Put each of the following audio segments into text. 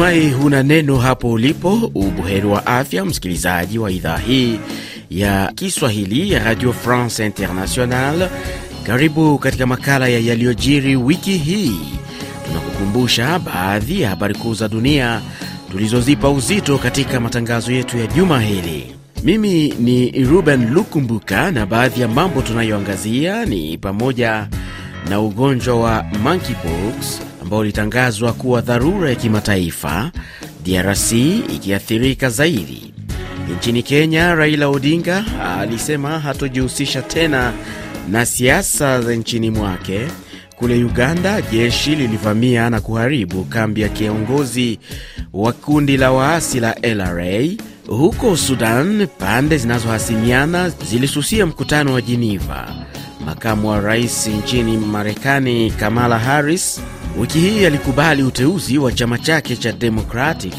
Natumai huna neno hapo ulipo. Ubuheri wa afya, msikilizaji wa idhaa hii ya Kiswahili ya Radio France International. Karibu katika makala ya yaliyojiri wiki hii. Tunakukumbusha baadhi ya habari kuu za dunia tulizozipa uzito katika matangazo yetu ya juma hili. Mimi ni Ruben Lukumbuka, na baadhi ya mambo tunayoangazia ni pamoja na ugonjwa wa monkeypox ambao ulitangazwa kuwa dharura ya kimataifa, DRC ikiathirika zaidi. Nchini Kenya, Raila Odinga alisema hatojihusisha tena na siasa za nchini mwake. Kule Uganda, jeshi lilivamia na kuharibu kambi ya kiongozi wa kundi la waasi la LRA. Huko Sudan, pande zinazohasimiana zilisusia mkutano wa Jiniva. Makamu wa rais nchini Marekani, Kamala Harris, wiki hii alikubali uteuzi wa chama chake cha Democratic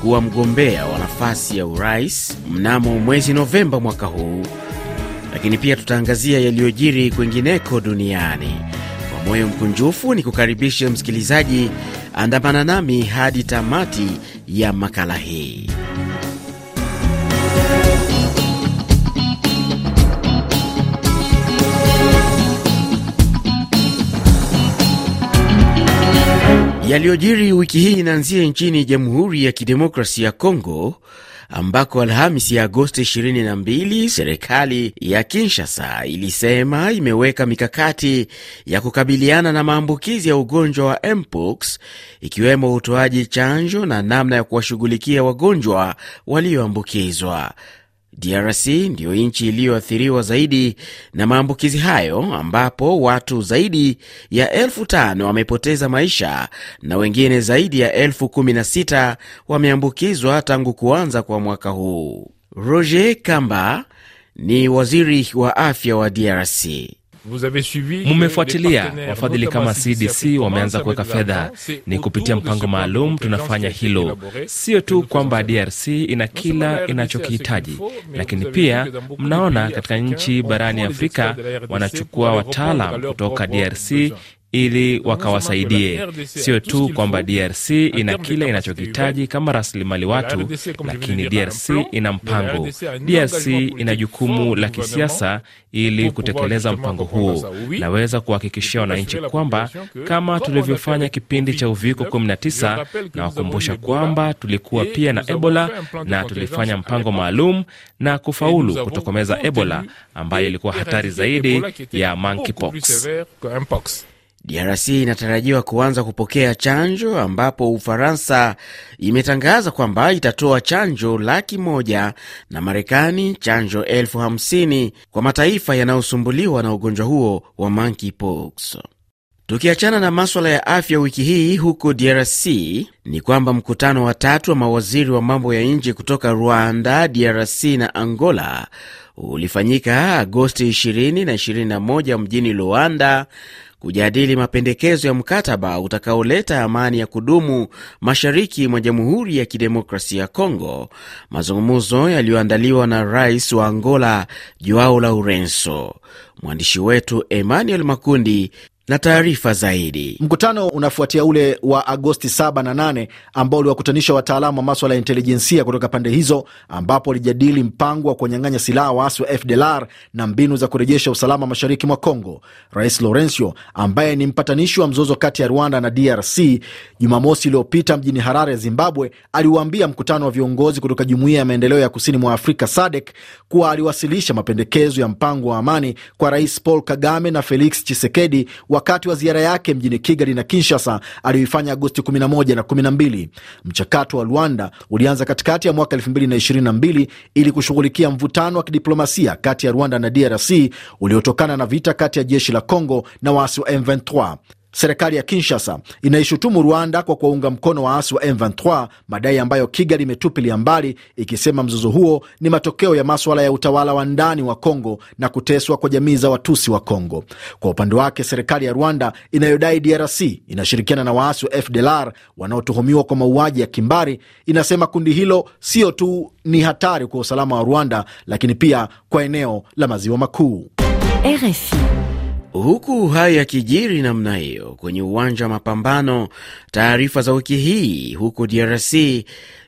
kuwa mgombea wa nafasi ya urais mnamo mwezi Novemba mwaka huu. Lakini pia tutaangazia yaliyojiri kwengineko duniani. Kwa moyo mkunjufu ni kukaribisha msikilizaji, andamana nami hadi tamati ya makala hii. Yaliyojiri wiki hii inaanzia nchini Jamhuri ya kidemokrasi ya Kongo ambako Alhamisi ya Agosti 22 serikali ya Kinshasa ilisema imeweka mikakati ya kukabiliana na maambukizi ya ugonjwa wa mpox ikiwemo utoaji chanjo na namna ya kuwashughulikia wagonjwa walioambukizwa. DRC ndiyo nchi iliyoathiriwa zaidi na maambukizi hayo ambapo watu zaidi ya elfu tano wamepoteza maisha na wengine zaidi ya elfu kumi na sita wameambukizwa tangu kuanza kwa mwaka huu. Roger Kamba ni waziri wa afya wa DRC. Euh, Mmefuatilia, wafadhili kama CDC wameanza kuweka fedha, ni kupitia mpango maalum tunafanya hilo. Sio tu kwamba DRC ina kila inachokihitaji, lakini pia mnaona katika nchi barani Afrika wanachukua wataalam kutoka DRC ili wakawasaidie, sio tu kwamba DRC ina kile inachokihitaji kama rasilimali watu, lakini DRC ina mpango. DRC ina jukumu la kisiasa ili kutekeleza mpango huo Naweza kuhakikishia wananchi kwamba kama tulivyofanya kipindi cha uviko 19, nawakumbusha kwamba tulikuwa pia na Ebola na tulifanya mpango maalum na kufaulu kutokomeza Ebola ambayo ilikuwa hatari zaidi ya monkeypox. DRC inatarajiwa kuanza kupokea chanjo ambapo Ufaransa imetangaza kwamba itatoa chanjo laki moja na Marekani chanjo elfu hamsini kwa mataifa yanayosumbuliwa na ugonjwa huo wa monkeypox. Tukiachana na maswala ya afya wiki hii huko DRC ni kwamba mkutano wa tatu wa mawaziri wa mambo ya nje kutoka Rwanda, DRC na Angola ulifanyika Agosti 20 na 21 mjini Luanda kujadili mapendekezo ya mkataba utakaoleta amani ya kudumu mashariki mwa Jamhuri ya Kidemokrasia ya Kongo, mazungumzo yaliyoandaliwa na rais wa Angola Joao laurenso Mwandishi wetu Emmanuel Makundi na taarifa zaidi. Mkutano unafuatia ule wa Agosti 7 na 8 ambao uliwakutanisha wataalamu wa maswala ya intelijensia kutoka pande hizo, ambapo walijadili mpango wa kuwanyang'anya silaha waasi wa FDLR na mbinu za kurejesha usalama mashariki mwa congo Rais lorencio ambaye ni mpatanishi wa mzozo kati ya Rwanda na DRC, Jumamosi iliyopita mjini Harare ya Zimbabwe, aliwaambia mkutano wa viongozi kutoka Jumuiya ya Maendeleo ya Kusini mwa Afrika SADC kuwa aliwasilisha mapendekezo ya mpango wa amani kwa Rais Paul Kagame na Felix Chisekedi wakati wa ziara yake mjini Kigali na Kinshasa aliyoifanya Agosti 11 na 12. Mchakato wa Rwanda ulianza katikati ya mwaka 2022 ili kushughulikia mvutano wa kidiplomasia kati ya Rwanda na DRC uliotokana na vita kati ya jeshi la Congo na waasi wa M23. Serikali ya Kinshasa inaishutumu Rwanda kwa kuwaunga mkono waasi wa M23, madai ambayo Kigali imetupilia mbali, ikisema mzozo huo ni matokeo ya maswala ya utawala wa ndani wa Kongo na kuteswa kwa jamii za Watusi wa Kongo. Kwa upande wake, serikali ya Rwanda inayodai DRC inashirikiana na waasi wa FDLR wanaotuhumiwa kwa mauaji ya kimbari, inasema kundi hilo sio tu ni hatari kwa usalama wa Rwanda, lakini pia kwa eneo la maziwa makuu. RFI Huku haya yakijiri namna hiyo kwenye uwanja wa mapambano, taarifa za wiki hii huko DRC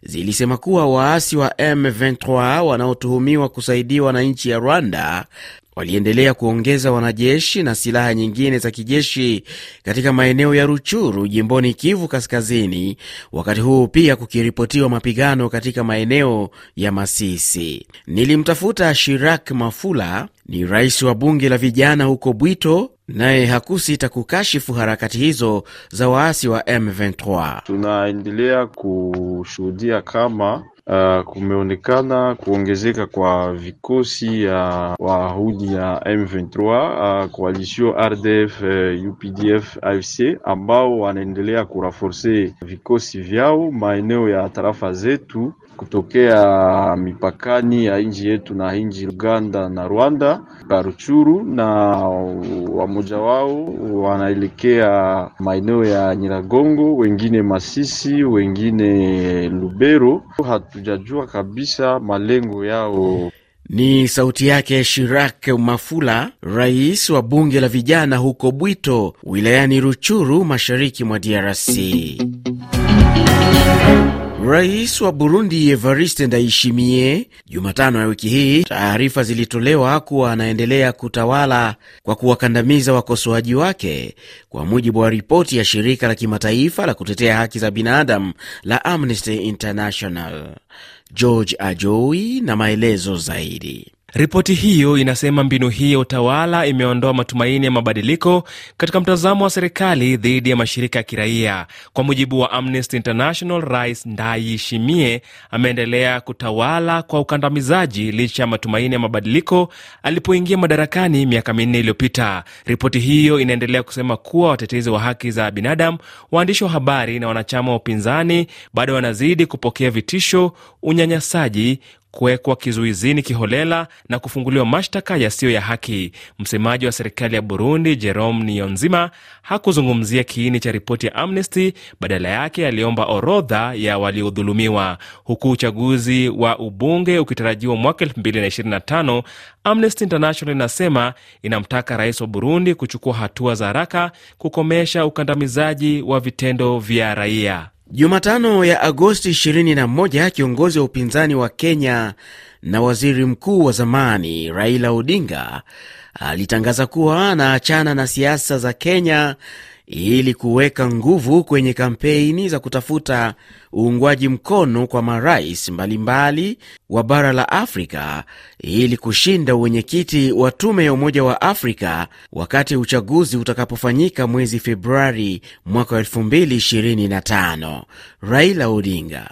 zilisema kuwa waasi wa M23 wanaotuhumiwa kusaidiwa na nchi ya Rwanda waliendelea kuongeza wanajeshi na silaha nyingine za kijeshi katika maeneo ya Ruchuru jimboni Kivu Kaskazini, wakati huu pia kukiripotiwa mapigano katika maeneo ya Masisi. Nilimtafuta Shirak Mafula, ni rais wa bunge la vijana huko Bwito naye hakusita kukashifu harakati hizo za waasi wa M23. Tunaendelea kushuhudia kama Uh, kumeonekana kuongezeka kwa vikosi ya uh, wahudi ya M23 uh, koalisio RDF uh, UPDF AFC ambao wanaendelea kuraforce vikosi vyao maeneo ya tarafa zetu kutokea mipakani ya nchi yetu na nchi Uganda na Rwanda Paruchuru, na wamoja wao wanaelekea maeneo ya Nyiragongo, wengine Masisi, wengine Lubero. Hatujajua kabisa malengo yao. Ni sauti yake Shirak Mafula, rais wa bunge la vijana huko Bwito wilayani Ruchuru, mashariki mwa DRC. Rais wa Burundi Evariste Ndayishimiye, Jumatano ya wiki hii, taarifa zilitolewa kuwa anaendelea kutawala kwa kuwakandamiza wakosoaji wake, kwa mujibu wa ripoti ya shirika la kimataifa la kutetea haki za binadamu la Amnesty International. George Ajoi na maelezo zaidi. Ripoti hiyo inasema mbinu hii ya utawala imeondoa matumaini ya mabadiliko katika mtazamo wa serikali dhidi ya mashirika ya kiraia. Kwa mujibu wa Amnesty International, Rais Ndayishimiye ameendelea kutawala kwa ukandamizaji licha ya matumaini ya mabadiliko alipoingia madarakani miaka minne iliyopita. Ripoti hiyo inaendelea kusema kuwa watetezi wa haki za binadamu, waandishi wa habari na wanachama wa upinzani bado wanazidi kupokea vitisho, unyanyasaji kuwekwa kizuizini kiholela na kufunguliwa mashtaka yasiyo ya haki. Msemaji wa serikali ya Burundi Jerome Niyonzima hakuzungumzia kiini cha ripoti ya Amnesty, badala yake aliomba orodha ya waliodhulumiwa. Huku uchaguzi wa ubunge ukitarajiwa mwaka 2025, Amnesty International inasema inamtaka rais wa Burundi kuchukua hatua za haraka kukomesha ukandamizaji wa vitendo vya raia. Jumatano ya Agosti 21 kiongozi wa upinzani wa Kenya na waziri mkuu wa zamani Raila Odinga alitangaza kuwa anaachana na siasa za Kenya ili kuweka nguvu kwenye kampeni za kutafuta uungwaji mkono kwa marais mbalimbali wa bara la Afrika ili kushinda uwenyekiti wa tume ya Umoja wa Afrika wakati uchaguzi utakapofanyika mwezi Februari mwaka 2025. Raila Odinga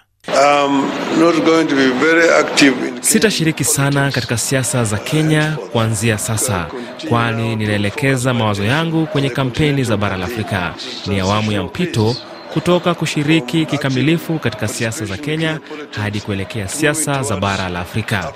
Sitashiriki sana katika siasa za Kenya kuanzia sasa, kwani ninaelekeza mawazo yangu kwenye kampeni za bara la Afrika. Ni awamu ya mpito kutoka kushiriki kikamilifu katika siasa za Kenya hadi kuelekea siasa za bara la Afrika.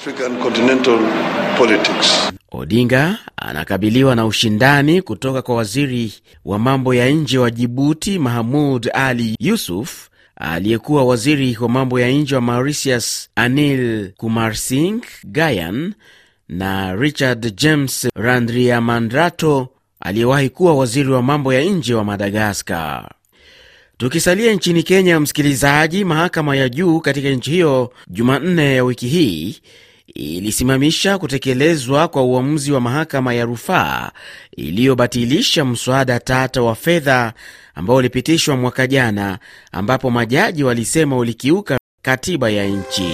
Odinga anakabiliwa na ushindani kutoka kwa waziri wa mambo ya nje wa Jibuti Mahamud Ali Yusuf aliyekuwa waziri wa mambo ya nje wa Mauritius Anil Kumarsing Gayan na Richard James Randriamandrato aliyewahi kuwa waziri wa mambo ya nje wa Madagaskar. Tukisalia nchini Kenya, msikilizaji, mahakama ya juu katika nchi hiyo Jumanne ya wiki hii ilisimamisha kutekelezwa kwa uamuzi wa mahakama ya rufaa iliyobatilisha mswada tata wa fedha ambao ulipitishwa mwaka jana, ambapo majaji walisema ulikiuka katiba ya nchi.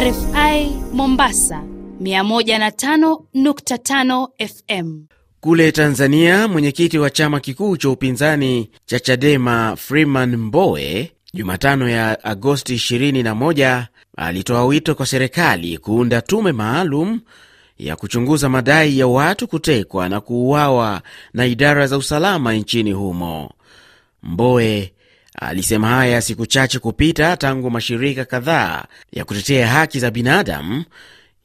RFI Mombasa 105.5 FM. Kule Tanzania, mwenyekiti wa chama kikuu cha upinzani cha Chadema Freeman Mbowe Jumatano ya Agosti 21 alitoa wito kwa serikali kuunda tume maalum ya kuchunguza madai ya watu kutekwa na kuuawa na idara za usalama nchini humo. Mboe alisema haya siku chache kupita tangu mashirika kadhaa ya kutetea haki za binadamu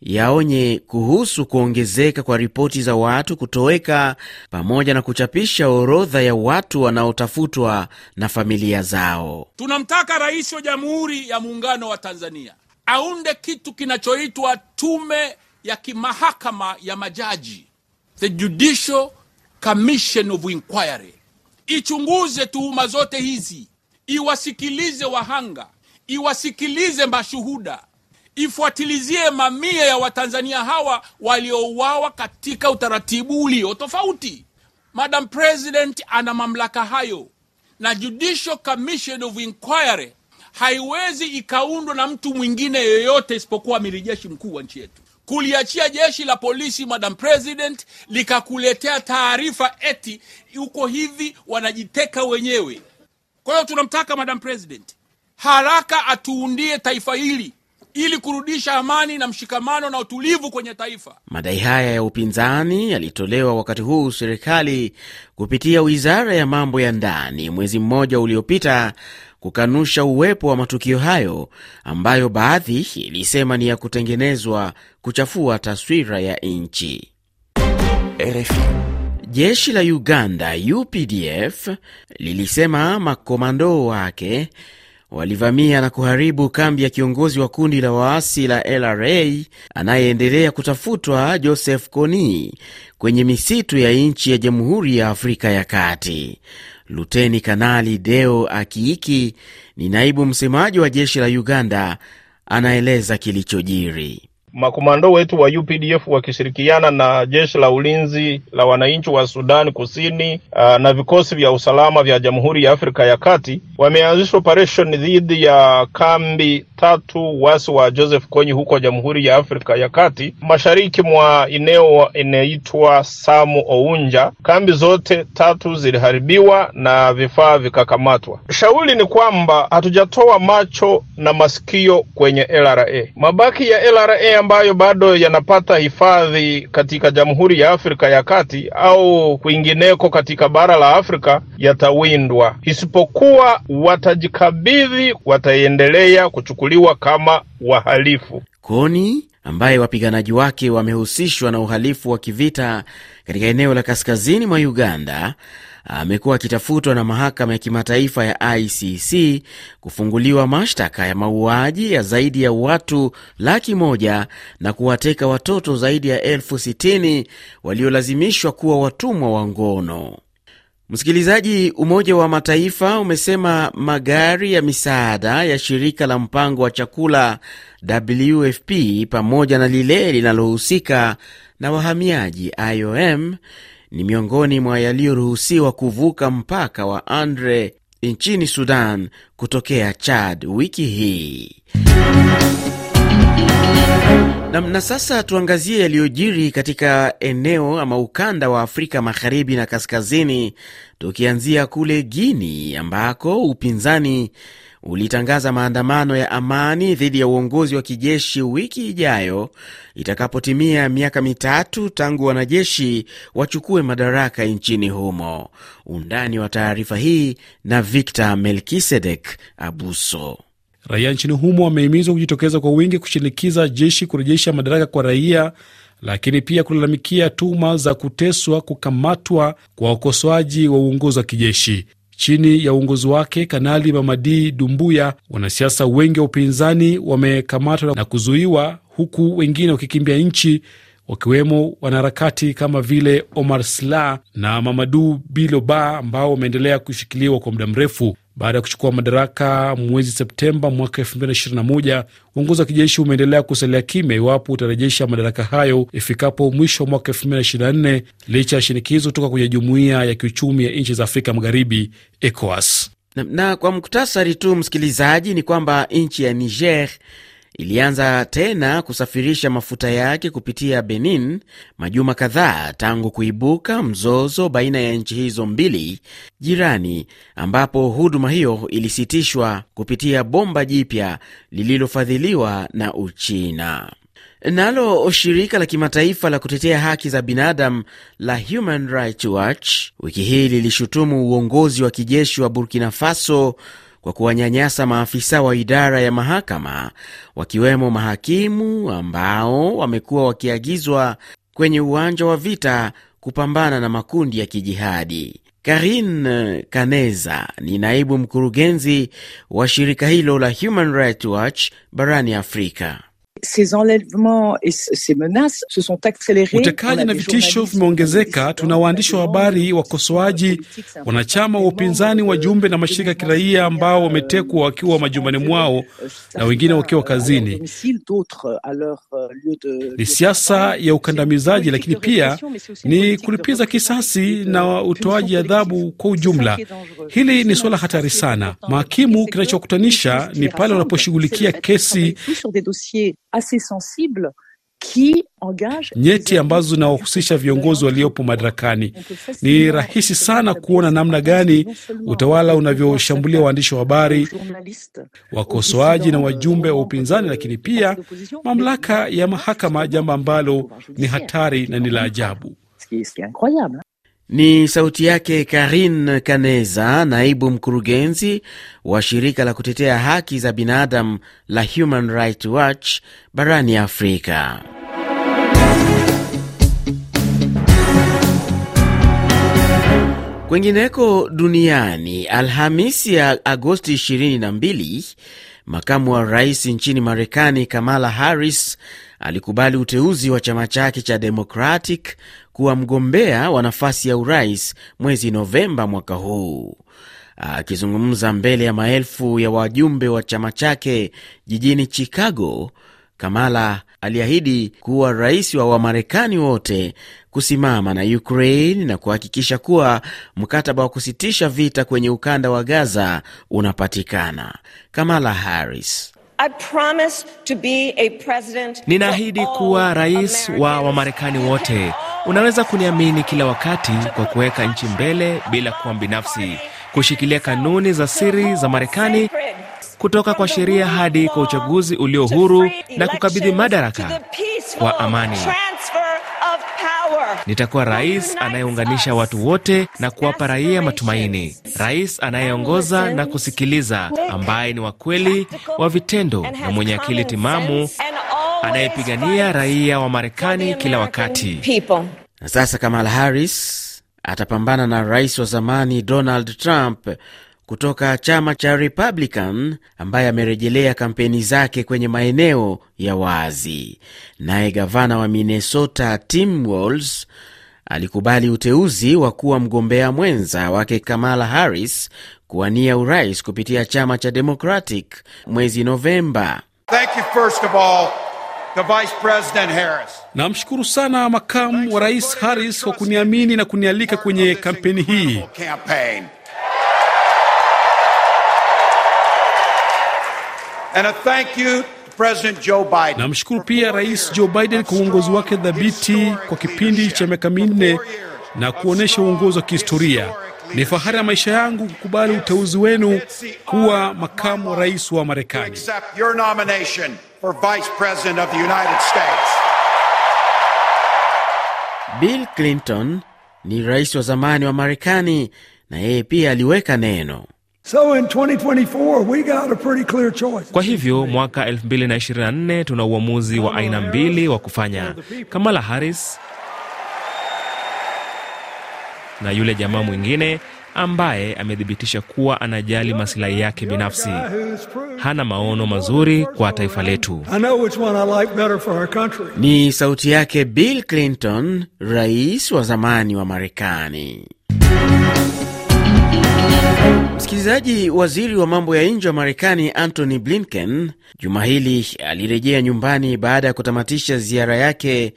yaonye kuhusu kuongezeka kwa ripoti za watu kutoweka pamoja na kuchapisha orodha ya watu wanaotafutwa na familia zao. Tunamtaka Rais wa Jamhuri ya Muungano wa Tanzania aunde kitu kinachoitwa tume ya kimahakama ya majaji, the Judicial Commission of Inquiry, ichunguze tuhuma zote hizi, iwasikilize wahanga, iwasikilize mashuhuda, ifuatilizie mamia ya Watanzania hawa waliouawa katika utaratibu ulio tofauti. Madam President ana mamlaka hayo, na Judicial Commission of Inquiry haiwezi ikaundwa na mtu mwingine yoyote isipokuwa amirijeshi mkuu wa nchi yetu kuliachia jeshi la polisi, Madam President, likakuletea taarifa eti huko hivi, wanajiteka wenyewe. Kwa hiyo tunamtaka Madam President haraka atuundie taifa hili ili kurudisha amani na mshikamano na utulivu kwenye taifa. Madai haya ya upinzani yalitolewa wakati huu serikali kupitia wizara ya mambo ya ndani mwezi mmoja uliopita kukanusha uwepo wa matukio hayo ambayo baadhi ilisema ni ya kutengenezwa kuchafua taswira ya nchi. Jeshi la Uganda UPDF lilisema makomando wake walivamia na kuharibu kambi ya kiongozi wa kundi la waasi la LRA anayeendelea kutafutwa Joseph Kony kwenye misitu ya nchi ya Jamhuri ya Afrika ya Kati. Luteni Kanali Deo Akiiki ni naibu msemaji wa jeshi la Uganda, anaeleza kilichojiri. Makomando wetu wa UPDF wakishirikiana na jeshi la ulinzi la wananchi wa Sudan Kusini uh, na vikosi vya usalama vya Jamhuri ya Afrika ya Kati wameanzisha operation dhidi ya kambi tatu wasi wa Joseph Kony huko Jamhuri ya Afrika ya Kati, mashariki mwa eneo inaitwa Samu Ounja. Kambi zote tatu ziliharibiwa na vifaa vikakamatwa. Shauli ni kwamba hatujatoa macho na masikio kwenye LRA, mabaki ya LRA ambayo bado yanapata hifadhi katika Jamhuri ya Afrika ya Kati au kwingineko katika bara la Afrika yatawindwa, isipokuwa watajikabidhi, wataendelea kuchukuliwa kama wahalifu. Koni ambaye wapiganaji wake wamehusishwa na uhalifu wa kivita katika eneo la kaskazini mwa Uganda amekuwa akitafutwa na mahakama ya kimataifa ya ICC kufunguliwa mashtaka ya mauaji ya zaidi ya watu laki moja na kuwateka watoto zaidi ya elfu sitini waliolazimishwa kuwa watumwa wa ngono. Msikilizaji, Umoja wa Mataifa umesema magari ya misaada ya shirika la mpango wa chakula WFP pamoja na lile linalohusika na wahamiaji IOM ni miongoni mwa yaliyoruhusiwa kuvuka mpaka wa Andre nchini Sudan kutokea Chad wiki hii. Na, na sasa tuangazie yaliyojiri katika eneo ama ukanda wa Afrika Magharibi na Kaskazini, tukianzia kule guini ambako upinzani ulitangaza maandamano ya amani dhidi ya uongozi wa kijeshi wiki ijayo itakapotimia miaka mitatu tangu wanajeshi wachukue madaraka nchini humo. Undani wa taarifa hii na Victor Melkisedek Abuso. Raia nchini humo wamehimizwa kujitokeza kwa wingi kushinikiza jeshi kurejesha madaraka kwa raia, lakini pia kulalamikia tuhuma za kuteswa, kukamatwa kwa wakosoaji wa uongozi wa kijeshi. Chini ya uongozi wake Kanali Mamadi Dumbuya, wanasiasa wengi wa upinzani wamekamatwa na kuzuiwa, huku wengine wakikimbia nchi wakiwemo wanaharakati kama vile Omar Sla na Mamadu Biloba ambao wameendelea kushikiliwa kwa muda mrefu. Baada ya kuchukua madaraka mwezi Septemba mwaka 2021, uongozi wa kijeshi umeendelea kusalia kimya iwapo utarejesha madaraka hayo ifikapo mwisho wa mwaka 2024 licha ya shinikizo toka kwenye jumuiya ya kiuchumi ya nchi za Afrika Magharibi, ECOWAS. Na, na kwa muktasari tu msikilizaji, ni kwamba nchi ya Niger ilianza tena kusafirisha mafuta yake kupitia Benin majuma kadhaa tangu kuibuka mzozo baina ya nchi hizo mbili jirani, ambapo huduma hiyo ilisitishwa kupitia bomba jipya lililofadhiliwa na Uchina. Nalo shirika la kimataifa la kutetea haki za binadamu la Human Rights Watch wiki hii lilishutumu uongozi wa kijeshi wa Burkina Faso kwa kuwanyanyasa maafisa wa idara ya mahakama wakiwemo mahakimu ambao wamekuwa wakiagizwa kwenye uwanja wa vita kupambana na makundi ya kijihadi. Karin Kaneza ni naibu mkurugenzi wa shirika hilo la Human Rights Watch barani Afrika. Ces enlèvements et ces menaces se sont accélérés. Utekaji na vitisho vimeongezeka. Tuna waandishi wa habari, wakosoaji, wanachama wa upinzani, wajumbe na mashirika ya kiraia ambao wametekwa wakiwa majumbani mwao na wengine wakiwa kazini. Ni siasa ya ukandamizaji, lakini pia ni kulipiza kisasi na utoaji adhabu kwa ujumla. Hili ni suala hatari sana. Mahakimu kinachokutanisha ni pale wanaposhughulikia kesi assez sensible nyeti ambazo zinawahusisha viongozi waliopo madarakani. Ni rahisi sana kuona namna gani utawala unavyoshambulia waandishi wa habari, wakosoaji na wajumbe wa euh, upinzani, lakini pia mamlaka ya mahakama, jambo ambalo ni hatari na ni la ajabu. Ni sauti yake Karin Kaneza, naibu mkurugenzi wa shirika la kutetea haki za binadamu la Human Rights Watch barani Afrika. Kwingineko duniani, Alhamisi ya Agosti 22, makamu wa rais nchini Marekani Kamala Harris alikubali uteuzi wa chama chake cha Democratic kuwa mgombea wa nafasi ya urais mwezi Novemba mwaka huu. Akizungumza mbele ya maelfu ya wajumbe wa chama chake jijini Chicago, Kamala aliahidi kuwa rais wa Wamarekani wote kusimama na Ukraine na kuhakikisha kuwa mkataba wa kusitisha vita kwenye ukanda wa Gaza unapatikana. Kamala Harris Ninaahidi kuwa rais wa Wamarekani wote. Unaweza kuniamini kila wakati kwa kuweka nchi mbele bila kuwa mbinafsi, kushikilia kanuni za siri za Marekani kutoka kwa sheria hadi kwa uchaguzi ulio huru na kukabidhi madaraka kwa amani. Nitakuwa rais anayeunganisha watu wote na kuwapa raia matumaini, rais anayeongoza na kusikiliza, ambaye ni wakweli wa vitendo na mwenye akili timamu, anayepigania raia wa Marekani kila wakati. Na sasa Kamala Harris atapambana na rais wa zamani Donald Trump kutoka chama cha Republican ambaye amerejelea kampeni zake kwenye maeneo ya wazi. Naye gavana wa Minnesota Tim Walz alikubali uteuzi wa kuwa mgombea mwenza wake Kamala Harris kuwania urais kupitia chama cha Democratic mwezi Novemba. Namshukuru sana makamu wa rais Harris kwa kuniamini na kunialika kwenye kampeni hii And a thank you to President Joe Biden. Namshukuru pia Rais Joe Biden kwa uongozi wake dhabiti kwa kipindi cha miaka minne na kuonyesha uongozi wa kihistoria. Ni fahari ya maisha yangu kukubali uteuzi wenu kuwa makamu wa rais wa Marekani. Bill Clinton ni rais wa zamani wa Marekani na yeye pia aliweka neno So in 2024, we got a pretty clear choice. Kwa hivyo mwaka 2024 tuna uamuzi wa aina mbili wa kufanya. Kamala Harris na yule jamaa mwingine ambaye amethibitisha kuwa anajali masilahi yake binafsi, hana maono mazuri kwa taifa letu. Ni sauti yake Bill Clinton, rais wa zamani wa Marekani. Msikilizaji, waziri wa mambo ya nje wa Marekani Antony Blinken juma hili alirejea nyumbani baada ya kutamatisha ziara yake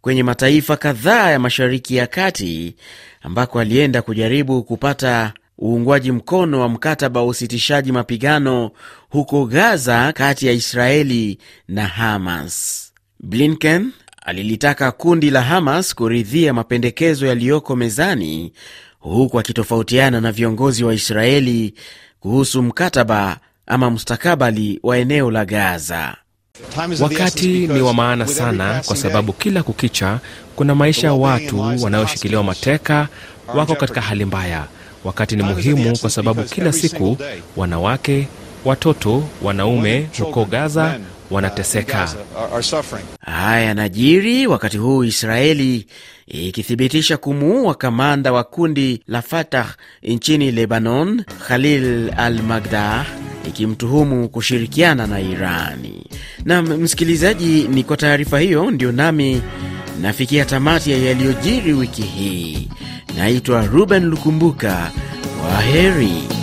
kwenye mataifa kadhaa ya Mashariki ya Kati ambako alienda kujaribu kupata uungwaji mkono wa mkataba wa usitishaji mapigano huko Gaza kati ya Israeli na Hamas. Blinken alilitaka kundi la Hamas kuridhia mapendekezo yaliyoko mezani huku akitofautiana na viongozi wa Israeli kuhusu mkataba ama mustakabali wa eneo la Gaza. Wakati ni wa maana sana, kwa sababu kila kukicha kuna maisha ya watu wanaoshikiliwa mateka, wako katika hali mbaya. Wakati ni muhimu kwa sababu kila siku wanawake, watoto, wanaume huko Gaza wanateseka. Haya yanajiri wakati huu Israeli ikithibitisha kumuua kamanda wa kundi la Fatah nchini Lebanon, Khalil al Magda, ikimtuhumu kushirikiana na Irani. Na msikilizaji, ni kwa taarifa hiyo ndio nami nafikia tamati ya yaliyojiri wiki hii. Naitwa Ruben Lukumbuka, kwa heri.